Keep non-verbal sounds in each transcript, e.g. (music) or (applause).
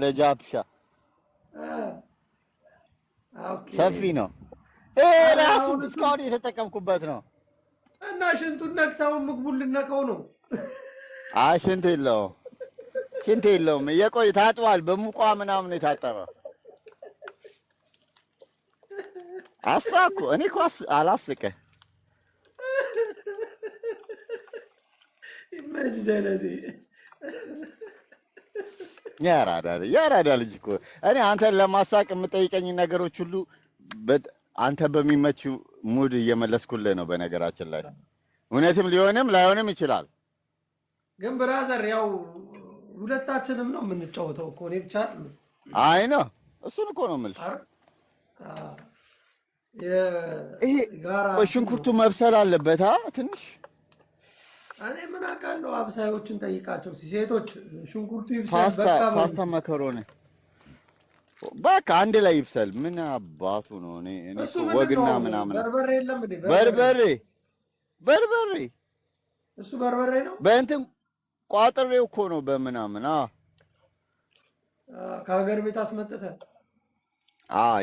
ለጃፕሻ ሰፊ ነው። ራሱ እስካሁን የተጠቀምኩበት ነው እና ሽንቱን ነክታውን ምግቡን ልነከው ነው። አይ ሽንት የለውም፣ ሽንት የለውም። የቆይ ታጥቧል፣ በሙቋ ምናምን የታጠበ አሳኩ። እኔ እኮ አላስቀ ይመጅ ያራዳ ያራዳ ልጅ እኮ እኔ አንተን ለማሳቅ የምጠይቀኝ ነገሮች ሁሉ አንተ በሚመች ሙድ እየመለስኩልህ ነው። በነገራችን ላይ እውነትም ሊሆንም ላይሆንም ይችላል። ግን ብራዘር ያው ሁለታችንም ነው የምንጫወተው እኮ እኔ ብቻ አይ ነው እሱን እኮ ነው የምልሽ። ሽንኩርቱ መብሰል አለበት ትንሽ እኔ ምን አውቃለሁ? አብሳዮችን ጠይቃቸው። ሴቶች ሽንኩርቱ ይብሳል፣ ፓስታ መከሮኒ በቃ አንድ ላይ ይብሰል። ምን አባቱ ነው? እኔ እሱ ወግና ምናምን በርበሬ የለም እንዴ? በርበሬ በርበሬ እሱ በርበሬ ነው። በእንትን ቋጥሬው እኮ ነው በምናምን ከሀገር ቤት አስመጥተህ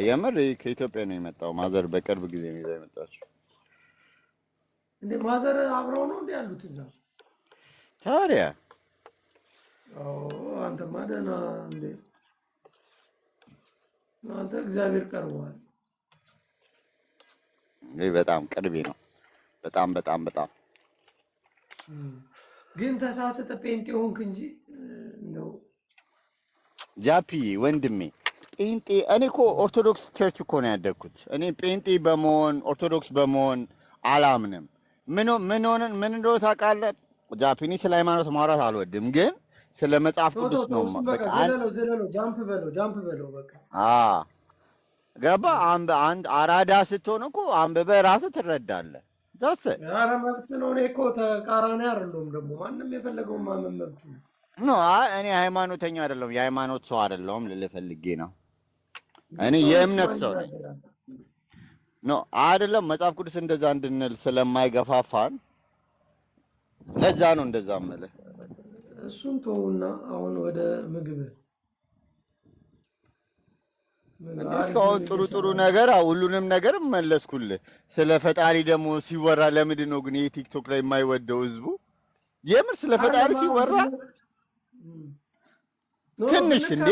የምር ከኢትዮጵያ ነው የመጣው። ማዘር በቅርብ ጊዜ ነው ይዛ የመጣችው። እንደ ማዘር አብረው ነው እንዲ ያሉት እዛ። ታዲያ አንተማ ደህና እንዴ! አንተ እግዚአብሔር ቀርቧል። ይህ በጣም ቅርቤ ነው። በጣም በጣም በጣም ግን ተሳስተ ጴንጤ ሆንክ እንጂ እንደው ጃፒ ወንድሜ ጴንጤ እኔ እኮ ኦርቶዶክስ ቸርች እኮ ነው ያደግኩት። እኔ ጴንጤ በመሆን ኦርቶዶክስ በመሆን አላምንም። ምን ምን ሆነን ምን እንደሆነ ታውቃለህ። ጃፒኒስ ስለ ሃይማኖት ማውራት አልወድም፣ ግን ስለ መጽሐፍ ቅዱስ ነው። ገባ አንድ አራዳ ስትሆን እኮ አንብበህ ራስህ ትረዳለህ። ዛስ ኧረ መብት እኮ ተቃራኒ አይደለሁም። ደግሞ ማንም የፈለገውን ማመን መብቱ እኔ ሃይማኖተኛ አይደለሁም፣ የሃይማኖት ሰው አይደለሁም ልልህ ነው። እኔ የእምነት ሰው ነኝ። ነው አይደለም። መጽሐፍ ቅዱስ እንደዛ እንድንል ስለማይገፋፋን ለዛ ነው እንደዛ መለ እሱን ተውና አሁን ወደ ምግብ እስካሁን ጥሩ ጥሩ ነገር ሁሉንም ነገር መለስኩልህ። ስለ ፈጣሪ ደግሞ ሲወራ ለምንድን ነው ግን የቲክቶክ ቲክቶክ ላይ የማይወደው ህዝቡ? የምር ስለ ፈጣሪ ሲወራ ትንሽ እንዴ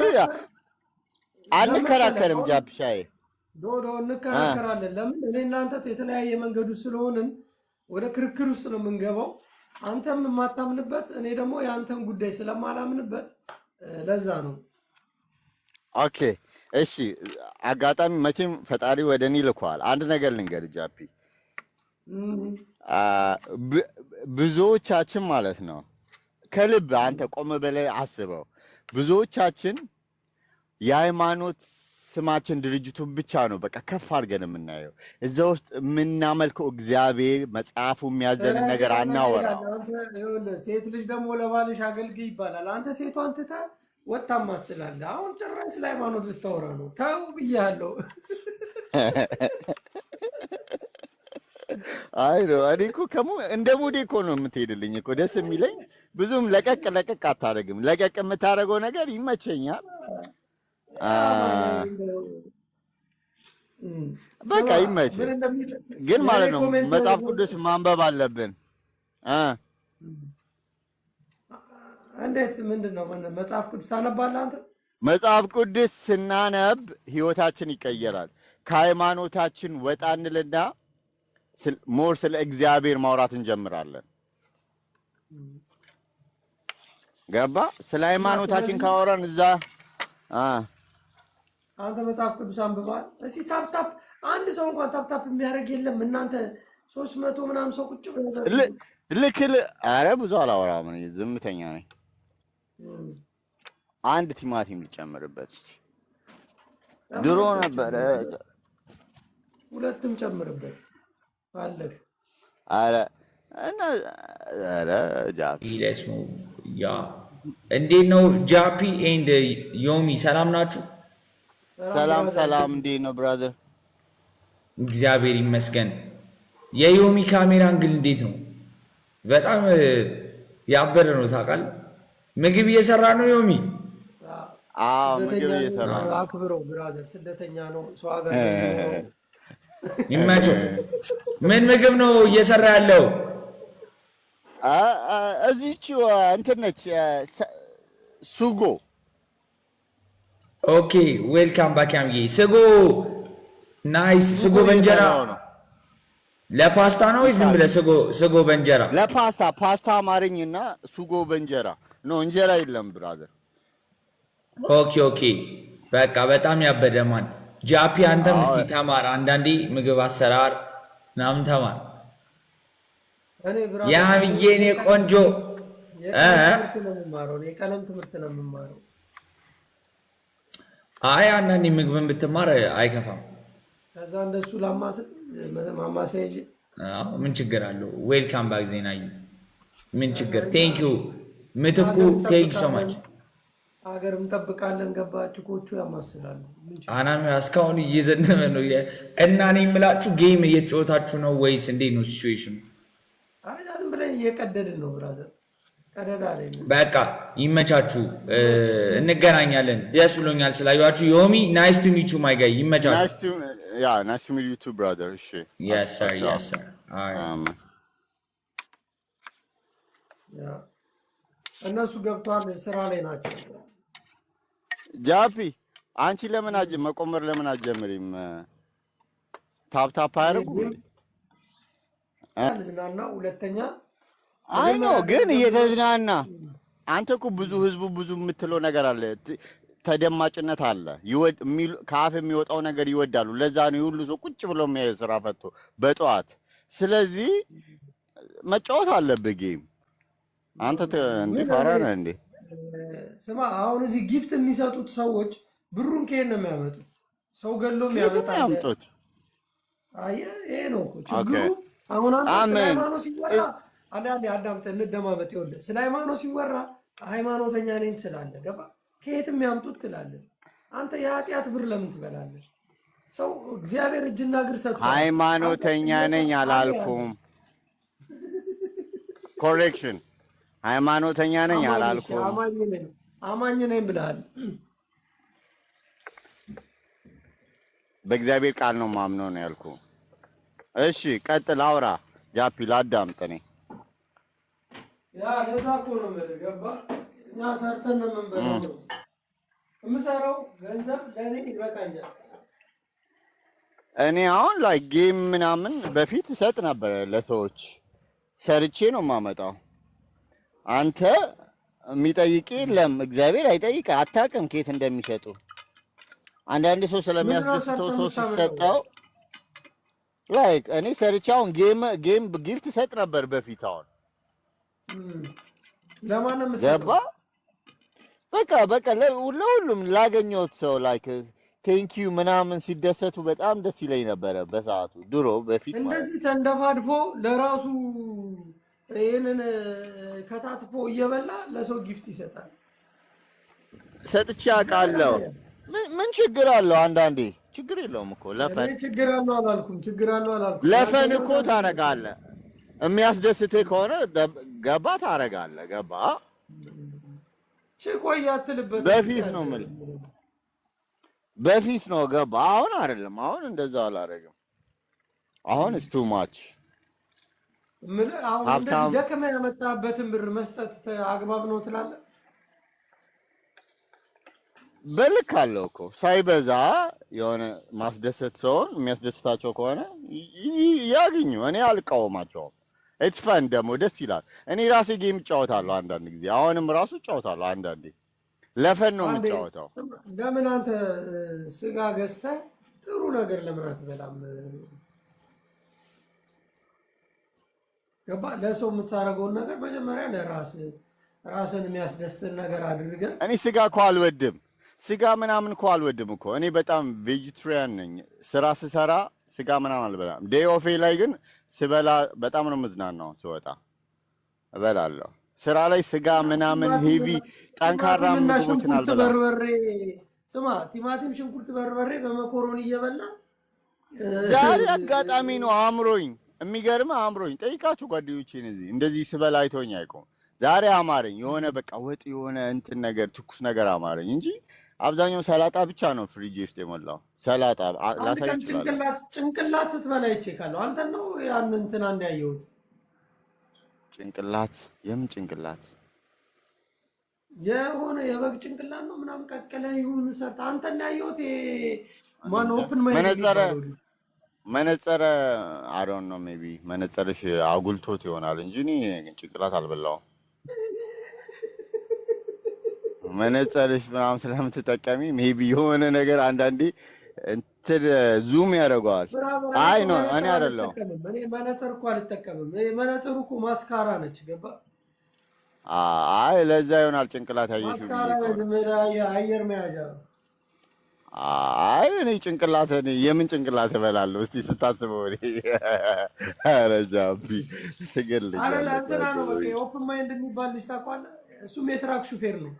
አንከራከርም። ጃፕሻዬ ዶዶ እንከራከራለን። ለምን እኔ እናንተ የተለያየ መንገዱ ስለሆንን ወደ ክርክር ውስጥ ነው የምንገባው። አንተም የማታምንበት እኔ ደግሞ የአንተን ጉዳይ ስለማላምንበት ለዛ ነው። ኦኬ እሺ። አጋጣሚ መቼም ፈጣሪ ወደ እኔ ልኳል። አንድ ነገር ልንገር ጃፒ፣ ብዙዎቻችን ማለት ነው ከልብ አንተ ቆመ በላይ አስበው ብዙዎቻችን የሃይማኖት ስማችን ድርጅቱ ብቻ ነው በቃ ከፍ አድርገን የምናየው። እዛ ውስጥ የምናመልከው እግዚአብሔር መጽሐፉ የሚያዘን ነገር አናወራው። ሴት ልጅ ደግሞ ለባልሽ አገልግይ ይባላል። አንተ ሴቷን ትተህ ወጣ ማስላለ አሁን ጭራሽ ስለ ሃይማኖት ልታወራ ነው? ተው ብያለሁ። አይ ነው እኔ እኮ ከሙ እንደ ሙዴ እኮ ነው የምትሄድልኝ እኮ ደስ የሚለኝ ብዙም ለቀቅ ለቀቅ አታደርግም። ለቀቅ የምታደርገው ነገር ይመቸኛል። Ah, ah, mm. በቃ ይመች ግን ማለት ነው መጽሐፍ ቅዱስ ማንበብ አለብን። እንዴት? ምንድን ነው መጽሐፍ ቅዱስ አነባለ አንተ? መጽሐፍ ቅዱስ ስናነብ ህይወታችን ይቀየራል። ከሃይማኖታችን ወጣ እንልና ሞር ስለ እግዚአብሔር ማውራት እንጀምራለን። ገባ? ስለ ሃይማኖታችን ካወራን እዛ አንተ መጽሐፍ ቅዱስ አንብበዋል? እስቲ ታፕታፕ አንድ ሰው እንኳን ታፕታፕ የሚያደርግ የለም። እናንተ ሶስት መቶ ምናምን ሰው ቁጭ ልክል። አረ ብዙ አላወራም፣ ዝምተኛ ነኝ። አንድ ቲማቲም ልጨምርበት ድሮ ነበረ። ሁለትም ጨምርበት አለህ። አረ እና አረ ጃፒ እንዴት ነው ጃፒ ኤንድ ዮሚ ሰላም ናችሁ? ሰላም ሰላም፣ እንዴት ነው ብራዘር? እግዚአብሔር ይመስገን። የዮሚ ካሜራ እንግል እንዴት ነው? በጣም ያበደ ነው ታውቃለህ። ምግብ እየሰራ ነው ዮሚ። አዎ አክብረው ብራዘር፣ ስደተኛ ነው ሰው ሀገር ይመቸው። ምን ምግብ ነው እየሰራ ያለው? እዚች እንትን ነች ሱጎ ኦኬ ዌልካም ባክ ያምዬ። ስጎ ናይስ። ስጎ በእንጀራ ለፓስታ ነው ወይስ ዝም ብለህ ስጎ? ስጎ በእንጀራ ለፓስታ ፓስታ አማርኝና ስጎ በእንጀራ ነው። እንጀራ የለም ብራዘር። ኦኬ ኦኬ፣ በቃ በጣም ያበደማን ጃፒ አንተም እስቲ ተማር፣ አንዳንዴ ምግብ አሰራር ምናምን ተማር። ያምዬ እኔ ቆንጆ ቀለም ትምህርት ነው የምማረው አይ አንዳንዴ ምግብን ብትማር አይከፋም። ከዛ እንደሱ ለማማሰጅ ምን ችግር አለው? ዌልካም ባክ ዜና ምን ችግር ቴንክ ዩ ምትኩ ቴንክ ሶ ማች። ሀገር እንጠብቃለን። ገባችሁ? ኮቹ ያማስላሉ። አና እስካሁን እየዘነበ ነው እና እኔ የምላችሁ ጌም እየተጫወታችሁ ነው ወይስ እንዴት ነው ሲቹዌሽኑ? ዝም ብለን እየቀደድን ነው ብራዘር በቃ ይመቻችሁ፣ እንገናኛለን። ደስ ብሎኛል ስላዩችሁ። ዮሚ ናይስ ቱ ሚቹ ማይ ጋይ፣ ይመቻችሁ። um, እነሱ ገብቷል፣ ስራ ላይ ናቸው። ጃፒ አንቺ ለምን አጀ መቆመር ለምን አጀምሪም? ታፕታፕ አያደርጉም? ሁለተኛ አይ ነው ግን እየተዝናና አንተ እኮ ብዙ ህዝቡ ብዙ የምትለው ነገር አለ፣ ተደማጭነት አለ። ከአፍ የሚወጣው ነገር ይወዳሉ። ለዛ ነው የሁሉ ሰው ቁጭ ብሎ የሚያየ ስራ ፈቶ በጠዋት። ስለዚህ መጫወት አለብህ ጌም። አንተ እንዲፈራ ነህ እንዴ? ስማ አሁን እዚህ ጊፍት የሚሰጡት ሰዎች ብሩን ከየት ነው የሚያመጡት? ሰው ገሎ የሚያመጣ ያምጡት። ይሄ ነው ችግሩ። አሁን አንተ ስለ ሃይማኖት ሲወራ አንዳንዴ አዳምጠህ እንደማመጥ ይኸውልህ፣ ስለ ሃይማኖት ሲወራ ሃይማኖተኛ ነኝ ትላለህ። ገባ ከየትም ያምጡት ትላለህ። አንተ የኃጢአት ብር ለምን ትበላለህ? ሰው እግዚአብሔር እጅና እግር ሰጥቶ ሃይማኖተኛ ነኝ አላልኩም። ኮሬክሽን፣ ሃይማኖተኛ ነኝ አላልኩም። አማኝ ነኝ ብለሃል። በእግዚአብሔር ቃል ነው ማምነው ነው ያልኩ። እሺ ቀጥል፣ አውራ ጃፒ፣ ላዳምጥ እኔ ያ ለዛ እኮ ነው የምልህ ገባህ? እና ሰርተን ነው የምንበላው። የምሰራው ገንዘብ ለእኔ ይበቃኛል። እኔ አሁን ላይ ጌም ምናምን በፊት እሰጥ ነበረ ለሰዎች ሰርቼ ነው የማመጣው። አንተ የሚጠይቅ የለም እግዚአብሔር አይጠይቅ። አታውቅም ከየት እንደሚሰጡ አንዳንድ ሰው ስለሚያስደስተው ሰው ሲሰጠው ላይክ እኔ ሰርቼ አሁን ጌም ጌም ጊፍት እሰጥ ነበር በፊት አሁን ለማንም ገባ በቃ በቃ ለሁሉም ላገኘሁት ሰው ላይክ ቴንኪዩ ምናምን ሲደሰቱ በጣም ደስ ይለኝ ነበረ። በሰዓቱ ድሮ በፊት እንደዚህ ተንደፋድፎ ለራሱ ይህንን ከታትፎ እየበላ ለሰው ጊፍት ይሰጣል። ሰጥቼ አውቃለሁ። ምን ችግር አለው? አንዳንዴ ችግር የለውም እኮ ለፈን ችግር አለው አላልኩም። ችግር አለው አላልኩም። ለፈን እኮ ታደርጋለህ። የሚያስደስትህ ከሆነ ገባ ታረጋለ ገባ ቆይ አትልበት። በፊት ነው ምል በፊት ነው ገባ። አሁን አይደለም። አሁን እንደዛ አላደርግም። አሁን እስቱ ማች ምን አሁን እንደዚህ ደክመህ ያመጣበትን ብር መስጠት አግባብ ነው ትላለህ። በልክ አለው እኮ ሳይበዛ የሆነ ማስደሰት ሰውን የሚያስደስታቸው ከሆነ ያግኙ። እኔ አልቃወማቸውም። ኢትስ ፈን ደግሞ ደስ ይላል። እኔ ራሴ ጌም እጫወታለሁ አንዳንድ ጊዜ አሁንም ራሱ እጫወታለሁ አንዳንዴ ለፈን ነው የምጫወተው። ለምን አንተ ስጋ ገዝተህ ጥሩ ነገር ለምን አትበላም? ገባ ለሰው የምታደርገውን ነገር መጀመሪያ ለራስህ ራስን የሚያስደስትን ነገር አድርገህ። እኔ ስጋ እኮ አልወድም፣ ስጋ ምናምን እኮ አልወድም እኮ እኔ በጣም ቬጅትሪያን ነኝ። ስራ ስሰራ ስጋ ምናምን አልበላም። ዴይ ኦፌ ላይ ግን ስበላ በጣም ነው የምዝናናው። ስወጣ እበላለሁ። ስራ ላይ ስጋ ምናምን ሄቪ ጠንካራ ምግቦችን አልበላም። ስማ ቲማቲም፣ ሽንኩርት፣ በርበሬ በመኮሮን እየበላ ዛሬ አጋጣሚ ነው አእምሮኝ፣ የሚገርም አእምሮኝ። ጠይቃችሁ ጓደኞቼን እዚህ እንደዚህ ስበላ አይቶኝ አይቆም። ዛሬ አማረኝ የሆነ በቃ ወጥ የሆነ እንትን ነገር ትኩስ ነገር አማረኝ እንጂ አብዛኛው ሰላጣ ብቻ ነው ፍሪጅ ውስጥ የሞላው ሰላጣ። ጭንቅላት ስትበላ ይቼ ካለው አንተ ነው ያን እንትን አንድ ያየሁት ጭንቅላት። የምን ጭንቅላት? የሆነ የበግ ጭንቅላት ነው ምናምን ቀቅለ ይሁን ሰርተ አንተ እና ያየሁት ማን ኦፕን መነጸረ መነጸረ አሮን ነው ቢ አጉልቶት ይሆናል እንጂ እኔ ጭንቅላት አልበላውም። መነጽርሽ ምናምን ስለምትጠቀሚ ሜቢ የሆነ ነገር አንዳንዴ እንትን ዙም ያደርገዋል። አይ ነው እኔ አይደለሁም እኔ መነጽር እኮ አልጠቀምም። መነጽሩ እኮ ማስካራ ነች። ገባ አይ ለዛ ይሆናል ጭንቅላት ያየሽ አየር መያዣ ነው። አይ እኔ ጭንቅላትን የምን ጭንቅላት እበላለሁ? እስቲ ስታስበው እኔ ኧረ (laughs) ጃቢ ትግል ልጅ አለ ነው በቃ ኦፕን ማይንድ የሚባል ልጅ ታውቀዋለህ? እሱም የትራክ ሹፌር ነው።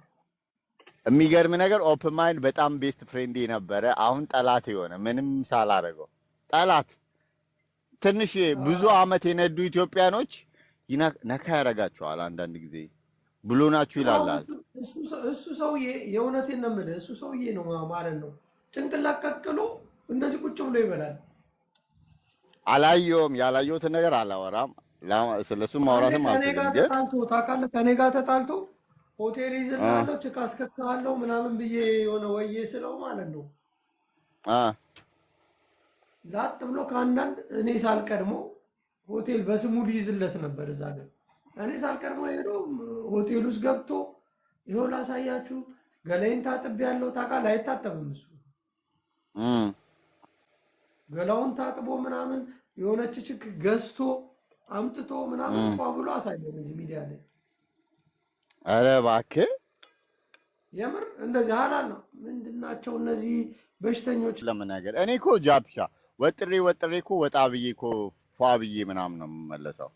የሚገርም ነገር ኦፕን ማይንድ በጣም ቤስት ፍሬንድ ነበረ። አሁን ጠላት የሆነ ምንም ሳላረገው ጠላት ትንሽ ብዙ አመት የነዱ ኢትዮጵያኖች ነካ ያደርጋቸዋል። አንዳንድ ጊዜ ብሎ ናችሁ ይላል። እሱ ሰውዬ የእውነቴን ነው የምልህ፣ እሱ ሰውዬ ነው ማለት ነው። ጭንቅላት ቀቅሎ እንደዚህ ቁጭ ብሎ ይበላል። አላየውም። ያላየሁትን ነገር አላወራም። ስለሱ ማውራትም አልችልም። ግን ከኔ ጋር ተጣልቶ ሆቴል ይዝላለሁ ጭቃ አስከካለሁ ምናምን ብዬ የሆነ ወዬ ስለው ማለት ነው ላጥ ብሎ ከአንዳንድ እኔ ሳልቀድሞ ሆቴል በስሙ ሊይዝለት ነበር እዛ ጋር እኔ ሳልቀድመው ሄዶ ሆቴል ውስጥ ገብቶ ይኸው ላሳያችሁ ገላይን ታጥብ ያለው ታውቃለህ፣ አይታጠብም እሱ ገላውን ታጥቦ ምናምን የሆነች ችክ ገዝቶ አምጥቶ ምናምን ብሎ አሳየን እዚህ ሚዲያ ላይ አረ እባክህ የምር እንደዚህ ሀላል ነው። ምንድናቸው እነዚህ በሽተኞች? ለምን ነገር እኔ እኮ ጃፕሻ ወጥሬ ወጥሬ እኮ ወጣ ብዬ እኮ ፏ ብዬ ምናምን ነው የምመለሰው።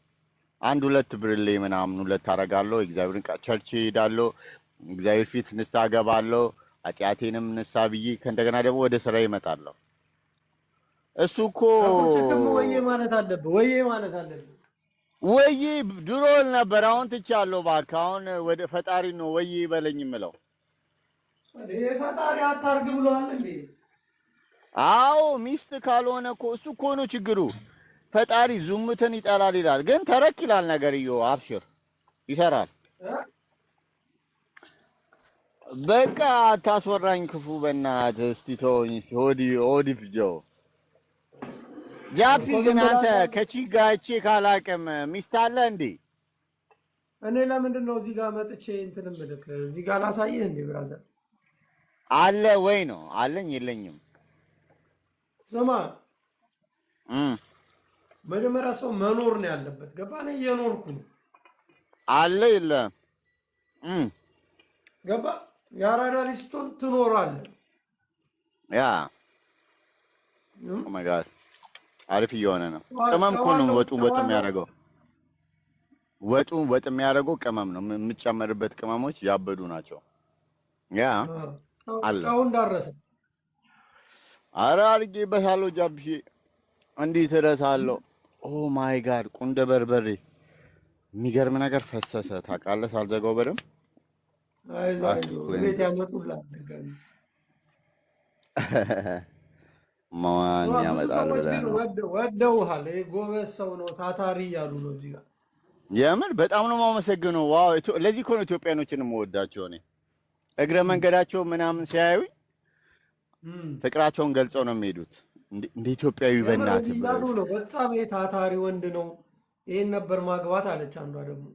አንድ ሁለት ብርሌ ምናምን ሁለት አደርጋለሁ። እግዚአብሔርን ቸርች እሄዳለሁ። እግዚአብሔር ፊት ንሳ ገባለሁ። አጢአቴንም ንሳ ብዬ ከእንደገና ደግሞ ወደ ስራ ይመጣለሁ። እሱ እኮ ወዬ ማለት አለብህ፣ ወዬ ማለት አለብህ ወይ ድሮ ነበር። አሁን ትቻለሁ። እባክህ አሁን ወደ ፈጣሪ ነው ወይ በለኝ የምለው ፈጣሪ አታርግ ብሏል እንዴ? አዎ ሚስት ካልሆነ እኮ እሱ እኮ ነው ችግሩ። ፈጣሪ ዝሙትን ይጠላል ይላል፣ ግን ተረክ ይላል ነገርየው። አብሽር ይሰራል። በቃ አታስወራኝ ክፉ በእናትህ። እስቲ ተወኝ ሆዲ ሆዲ ፍጀው ጃፒ ግን አንተ ከቺጋቼ ካላቅም ሚስት አለ እንዴ? እኔ ለምንድን ነው እዚህ ጋር መጥቼ እንትን ምልክ እዚህ ጋር ላሳይህ እንዴ? ብራዘር አለ ወይ ነው አለኝ የለኝም። ስማ መጀመሪያ ሰው መኖር ነው ያለበት። ገባ ነ እየኖርኩ ነው። አለ የለ ገባ የአራዳ ሊስቶን ትኖራለህ ያ ኦ ማይ ጋድ አሪፍ እየሆነ ነው። ቅመም እኮ ነው ወጡ ወጥ የሚያደርገው ወጡ ወጥ የሚያደርገው ቅመም ነው የምጨመርበት። ቅመሞች ያበዱ ናቸው። ያ አለ አረ አድርጌ በሳሎ ጃብሺ እንዲህ ትረሳለሁ። ኦ ማይ ጋድ ቁንደ በርበሬ የሚገርም ነገር ፈሰሰ። ታውቃለህ ሳልዘጋው በደምብ ቤት ያመጡላል (laughs) መዋኛ ያመጣል ብለህ ወደውሃል። ጎበዝ ሰው ነው፣ ታታሪ እያሉ ነው እዚህ ጋር። የምር በጣም ነው የማመሰግነው። ዋው! ለዚህ እኮ ነው ኢትዮጵያኖችን የምወዳቸው እኔ። እግረ መንገዳቸው ምናምን ሲያዩ ፍቅራቸውን ገልጸው ነው የሚሄዱት። እንደ ኢትዮጵያዊ ነው። በጣም ወንድ ነው፣ ይሄን ነበር ማግባት አለች አንዷ ደግሞ።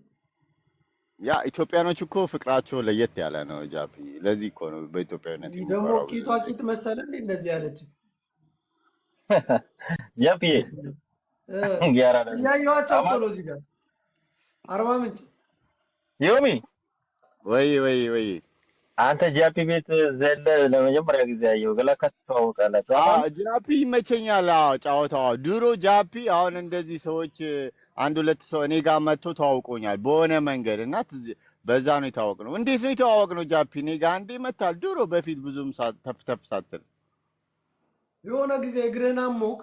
ያ ኢትዮጵያኖች እኮ ፍቅራቸው ለየት ያለ ነው ጃፒ። ለዚህ እኮ ነው በኢትዮጵያዊነት ደግሞ ቂጧ ቂጥ መሰለ እንደዚህ ያብዬ ያራዳ ያዩዋቸው ነው እዚህ ጋር አርባ ምንጭ ዮሚ ወይ ወይ ወይ አንተ ጃፒ ቤት ዘለ ለመጀመሪያ ጊዜ ያየው ገላ ተዋውቃላችሁ። ጃፒ ይመቸኛል። ጫወታ ድሮ ጃፒ አሁን እንደዚህ ሰዎች አንድ ሁለት ሰው እኔ ጋር መጥቶ ተዋውቆኛል በሆነ መንገድ እና በዛ ነው ነው። እንዴት ነው የተዋወቅ ነው? ጃፒ እኔ ጋር አንዴ መታል ድሮ በፊት ብዙም ተፍተፍ ሳትል የሆነ ጊዜ እግርህን አሞክ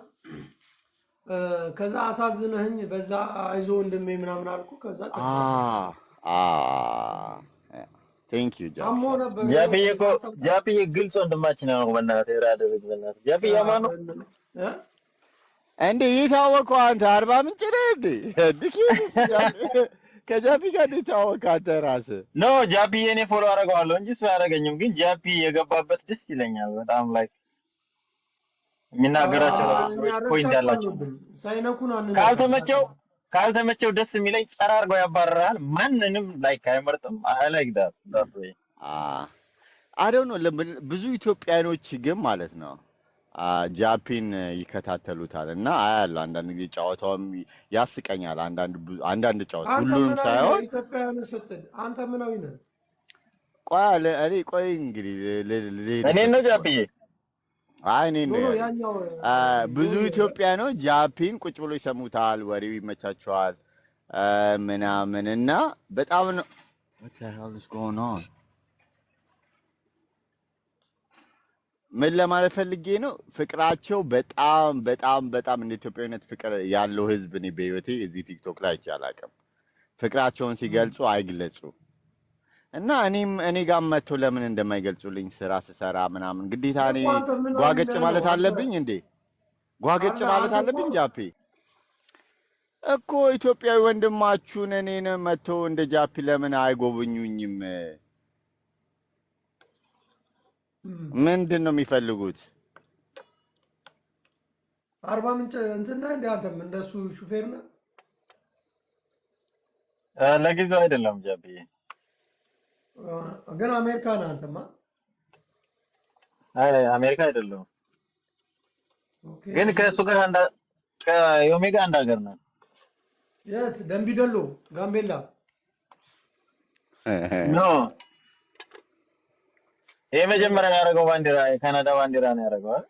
ከዛ አሳዝነህኝ በዛ አይዞ ወንድሜ ምናምን አልኩ። ከዛ ጃፒዬ፣ ግልጽ ወንድማችን ነው። መናገር ያደረግ ጃፒ ያማኑ እንዴ የታወቀው አንተ አርባ ምንጭ ነህ እንዴ? ድኪ ከጃፒ ጋር እንዴት ታወቀ አንተ ራስህ? ኖ ጃፒ የኔ ፎሎ አደርገዋለሁ እንጂ እሱ አያደርገኝም። ግን ጃፒ የገባበት ደስ ይለኛል በጣም ላይክ የሚናገራቸው ፖይንት ያላቸው ካልተመቸው ካልተመቸው ደስ የሚለኝ ጨራ አርገው ያባረራል። ማንንም ላይክ አይመርጥም። ላይክ ዳት አደው ነው። ብዙ ኢትዮጵያኖች ግን ማለት ነው ጃፒን ይከታተሉታል እና አያለ አንዳንድ ጊዜ ጨዋታውም ያስቀኛል። አንዳንድ ጨዋታ ሁሉንም ሳይሆን አንተ ምናዊ ነህ። ቆይ እኔ ቆይ እንግዲህ እኔ ነው ጃፒዬ አይ እኔ ብዙ ነው ጃፒን ቁጭ ብሎ ይሰሙታል፣ ወሬው ይመቻቸዋል ምናምን እና በጣም ነው ምን ለማለት ፈልጌ ነው፣ ፍቅራቸው በጣም በጣም በጣም እንደ ኢትዮጵያዊነት ፍቅር ያለው ህዝብ እኔ በህይወቴ እዚህ ቲክቶክ ላይ አይቼ አላውቅም። ፍቅራቸውን ሲገልጹ አይግለጹ እና እኔም እኔ ጋር መጥቶ ለምን እንደማይገልጹልኝ ስራ ስሰራ ምናምን ግዴታ እኔ ጓገጭ ማለት አለብኝ እንዴ? ጓገጭ ማለት አለብኝ ጃፔ እኮ ኢትዮጵያዊ ወንድማችሁን እኔን መጥቶ እንደ ጃፒ ለምን አይጎበኙኝም ምንድን ነው የሚፈልጉት? አርባ ምንጭ እንትን ነህ እንደ አንተም እንደሱ ሹፌር ነህ? ለጊዜው አይደለም ጃፒ ግን አሜሪካ ነህ አንተማ? አይ አሜሪካ አይደለሁም። ግን ከእሱ ጋር አንድ ጋር አንድ ሀገር ነን። የት? ደምቢዶሎ ጋምቤላ? ኖ የመጀመሪያ ያደረገው ባንዲራ የካናዳ ባንዲራ ነው ያደረገዋል።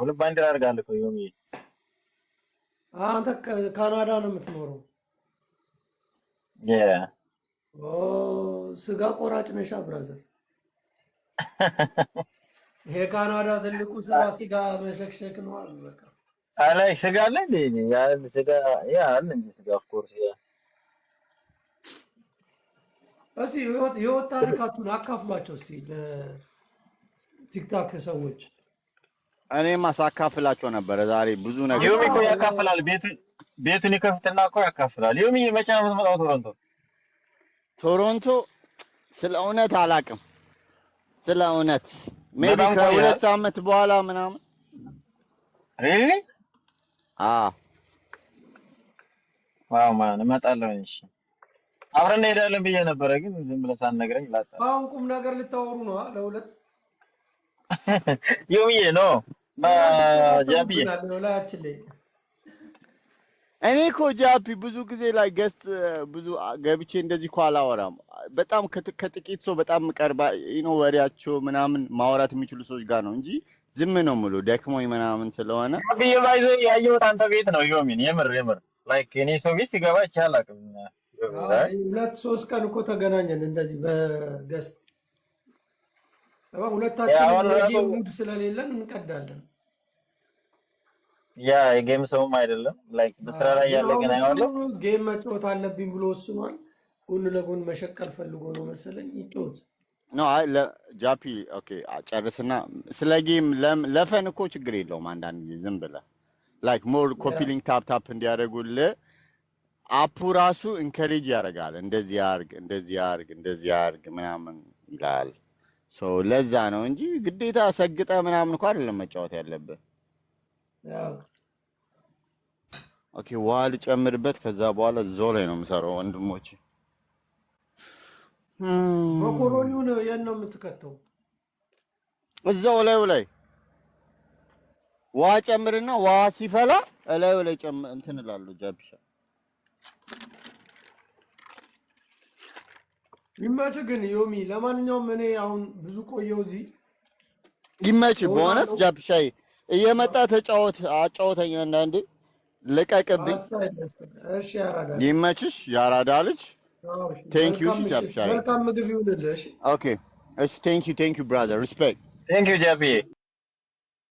ሁለት ባንዲራ አድርጋለሁ እኮ አንተ ካናዳ ነው የምትኖረው? ስጋ ቆራጭ ነሻ ብራዘር። (laughs) ይሄ ካናዳ ትልቁ ስራ ስጋ መሸክሸክ ነው አሉ። በቃ አላይ ስጋ አለ እንዴ? ያለ ስጋ ያ አለ እንዴ? ስጋ ኦፍ ኮርስ ያ እስኪ የህይወት ታሪካችሁን አካፍሏቸው እስኪ ለቲክታክ ሰዎች። እኔማ ሳካፍላቸው ነበረ ዛሬ ብዙ ነገር። ዩሚ እኮ ያካፍላል፣ ቤቱን ይከፍትና እኮ ያካፍላል። ዩሚ መቼ ነው የምትመጣው ቶሮንቶ? ቶሮንቶ ስለ እውነት አላቅም። ስለ እውነት ሜቢ ከሁለት ሳምንት በኋላ ምናምን እመጣለሁ። እሺ አብረን እንሄዳለን ብዬ ነበረ፣ ግን ዝም ብለህ ሳትነግረኝ ላጣ። አሁን ቁም ነገር ልታወሩ ነው ለሁለት ይሁዬ (laughs) ነው ጃምብዬ እኔ እኮ ጃፒ ብዙ ጊዜ ላይ ገስት ብዙ ገብቼ እንደዚህ እኮ አላወራም። በጣም ከጥቂት ሰው በጣም ቀርባ ኢኖ ወሬያቸው ምናምን ማውራት የሚችሉ ሰዎች ጋር ነው እንጂ ዝም ነው ምሉ ደክሞኝ ምናምን ስለሆነ ብዬባይዘ ያየሁት አንተ ቤት ነው ዮሚን። የምር የምር ላይክ እኔ ሰው ቤት ሲገባ ይችላል ሁለት ሶስት ቀን እኮ ተገናኘን እንደዚህ በገስት ሁለታችን ሙድ ስለሌለን እንቀዳለን ያ የጌም ሰውም አይደለም። ላይክ በስራ ላይ ያለ ግን አይሆንም። ጌም መጫወት አለብኝ ብሎ ወስኗል። ጎን ለጎን መሸቀል ፈልጎ ነው መሰለኝ ይጫወት ኖ አይ ለጃፒ ኦኬ ጨርስና፣ ስለ ጌም ለፈን እኮ ችግር የለውም። አንዳንድ ጊዜ ዝም ብለህ ላይክ ሞር ኮፒሊንግ ታፕ ታፕ እንዲያደርጉል አፑ ራሱ ኢንከሬጅ ያደርጋል። እንደዚህ አርግ፣ እንደዚህ አርግ፣ እንደዚህ አርግ ምናምን ይላል። ሶ ለዛ ነው እንጂ ግዴታ ሰግጠ ምናምን እኮ አይደለም መጫወት ያለብህ ኦኬ ውሃ ልጨምርበት። ከዛ በኋላ ዞ ላይ ነው የምሰራው ወንድሞቼ። መኮሮኒውን የት ነው የምትከተው? እዛው እላዩ ላይ ውሃ ጨምርና ውሃ ሲፈላ እላዩ ላይ ጨምር እንትን እላለሁ። ጃብሻ ይመችህ። ግን ዮሚ፣ ለማንኛውም እኔ አሁን ብዙ ቆየው እዚህ። ይመችህ በእውነት ጃብሻዬ እየመጣ ተጫወት አጫወተኝ አንዳንዴ ልቀቅብኝ። ይመችሽ ያራዳ ልጅ። ቴንክ ዩ ጃብሻ። ኦኬ እሺ። ቴንክ ዩ ቴንክ ዩ ብራዘር ሪስፔክት ቴንክ ዩ ጃብዬ